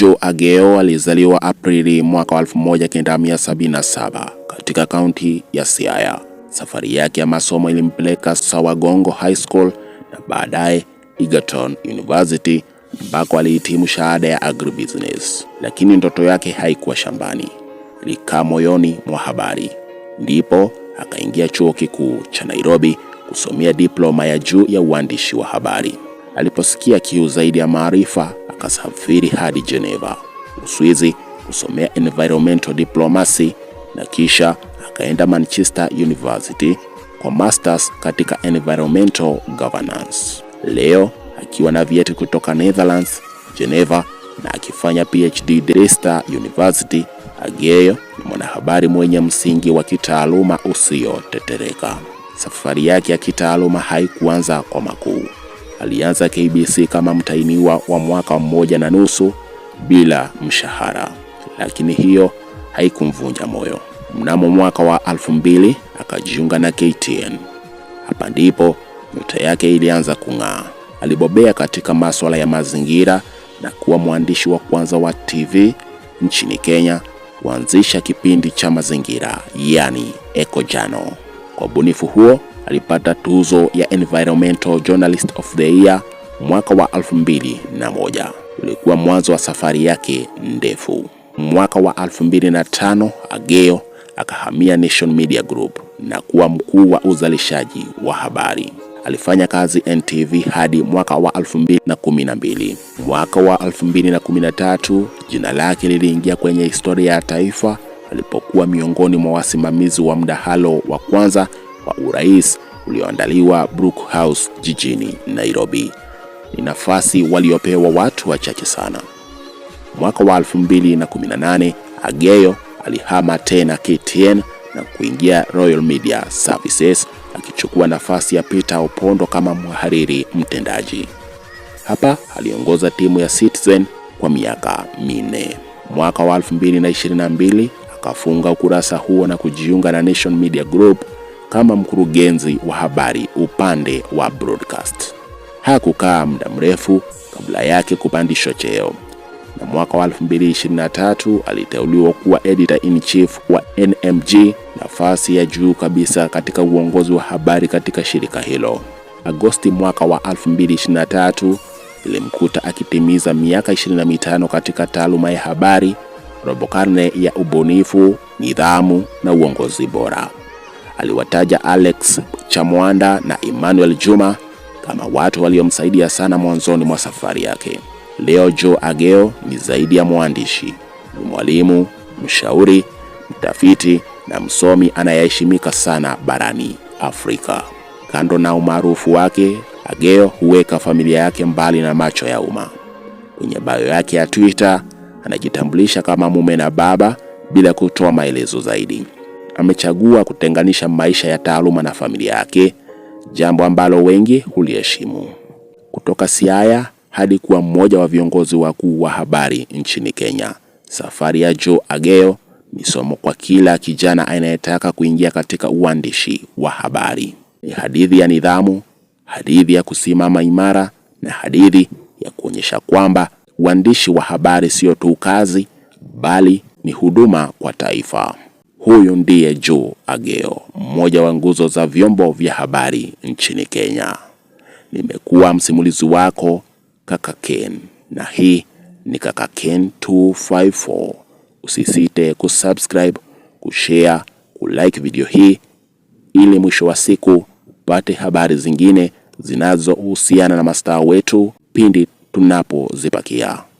Joe Ageo alizaliwa Aprili mwaka 1977 katika kaunti ya Siaya. Safari yake ya masomo ilimpeleka Sawagongo High School na baadaye Egerton University ambako alihitimu shahada ya agribusiness. Lakini ndoto yake haikuwa shambani, ilikaa moyoni mwa habari. Ndipo akaingia chuo kikuu cha Nairobi kusomea diploma ya juu ya uandishi wa habari. Aliposikia kiu zaidi ya maarifa ukasafiri hadi Geneva, Uswizi kusomea environmental diplomacy na kisha akaenda Manchester University kwa masters katika environmental governance. Leo akiwa na vyeti kutoka Netherlands, Geneva na akifanya PhD Leicester University. Ageyo ni mwanahabari mwenye msingi wa kitaaluma usiotetereka. Safari yake ya kitaaluma haikuanza kwa makuu alianza KBC kama mtainiwa wa mwaka mmoja na nusu bila mshahara, lakini hiyo haikumvunja moyo. Mnamo mwaka wa 2000 akajiunga na KTN. Hapa ndipo nyota yake ilianza kung'aa. Alibobea katika masuala ya mazingira na kuwa mwandishi wa kwanza wa TV nchini Kenya kuanzisha kipindi cha mazingira, yani Jano. Kwa ubunifu huo alipata tuzo ya Environmental Journalist of the Year mwaka wa 2001. Ulikuwa mwanzo wa safari yake ndefu. Mwaka wa 2005 Ageo akahamia Nation Media Group na kuwa mkuu wa uzalishaji wa habari. Alifanya kazi NTV hadi mwaka wa 2012. Mwaka wa 2013 jina lake liliingia kwenye historia ya taifa alipokuwa miongoni mwa wasimamizi wa mdahalo wa kwanza wa urais ulioandaliwa Brook House jijini Nairobi. Ni nafasi waliopewa watu wachache sana. Mwaka wa 2018 Ageyo alihama tena KTN na kuingia Royal Media Services akichukua nafasi ya Peter Opondo kama mhariri mtendaji. Hapa aliongoza timu ya Citizen kwa miaka minne. Mwaka wa 2022 akafunga ukurasa huo na kujiunga na Nation Media Group kama mkurugenzi wa habari upande wa broadcast. Hakukaa muda mrefu kabla yake kupandishwa cheo na mwaka wa 2023 aliteuliwa kuwa editor in chief wa NMG, nafasi ya juu kabisa katika uongozi wa habari katika shirika hilo. Agosti mwaka wa 2023 ilimkuta akitimiza miaka 25 katika taaluma ya habari, robo karne ya ubunifu, nidhamu na uongozi bora aliwataja Alex Chamwanda na Emmanuel Juma kama watu waliomsaidia sana mwanzoni mwa safari yake. Leo Joe Ageo ni zaidi ya mwandishi, ni mwalimu, mshauri, mtafiti na msomi anayeheshimika sana barani Afrika. Kando na umaarufu wake, Ageo huweka familia yake mbali na macho ya umma. Kwenye bio yake ya Twitter anajitambulisha kama mume na baba bila kutoa maelezo zaidi amechagua kutenganisha maisha ya taaluma na familia yake, jambo ambalo wengi huliheshimu. Kutoka Siaya hadi kuwa mmoja wa viongozi wakuu wa habari nchini Kenya, safari ya Joe Ageo ni somo kwa kila kijana anayetaka kuingia katika uandishi wa habari. Ni hadithi ya nidhamu, hadithi ya kusimama imara na hadithi ya kuonyesha kwamba uandishi wa habari sio tu kazi, bali ni huduma kwa taifa. Huyu ndiye Joe Ageo, mmoja wa nguzo za vyombo vya habari nchini Kenya. Nimekuwa msimulizi wako Kaka Ken, na hii ni Kaka Ken 254. Usisite kusubscribe, kushare, kulike video hii ili mwisho wa siku upate habari zingine zinazohusiana na mastaa wetu pindi tunapozipakia.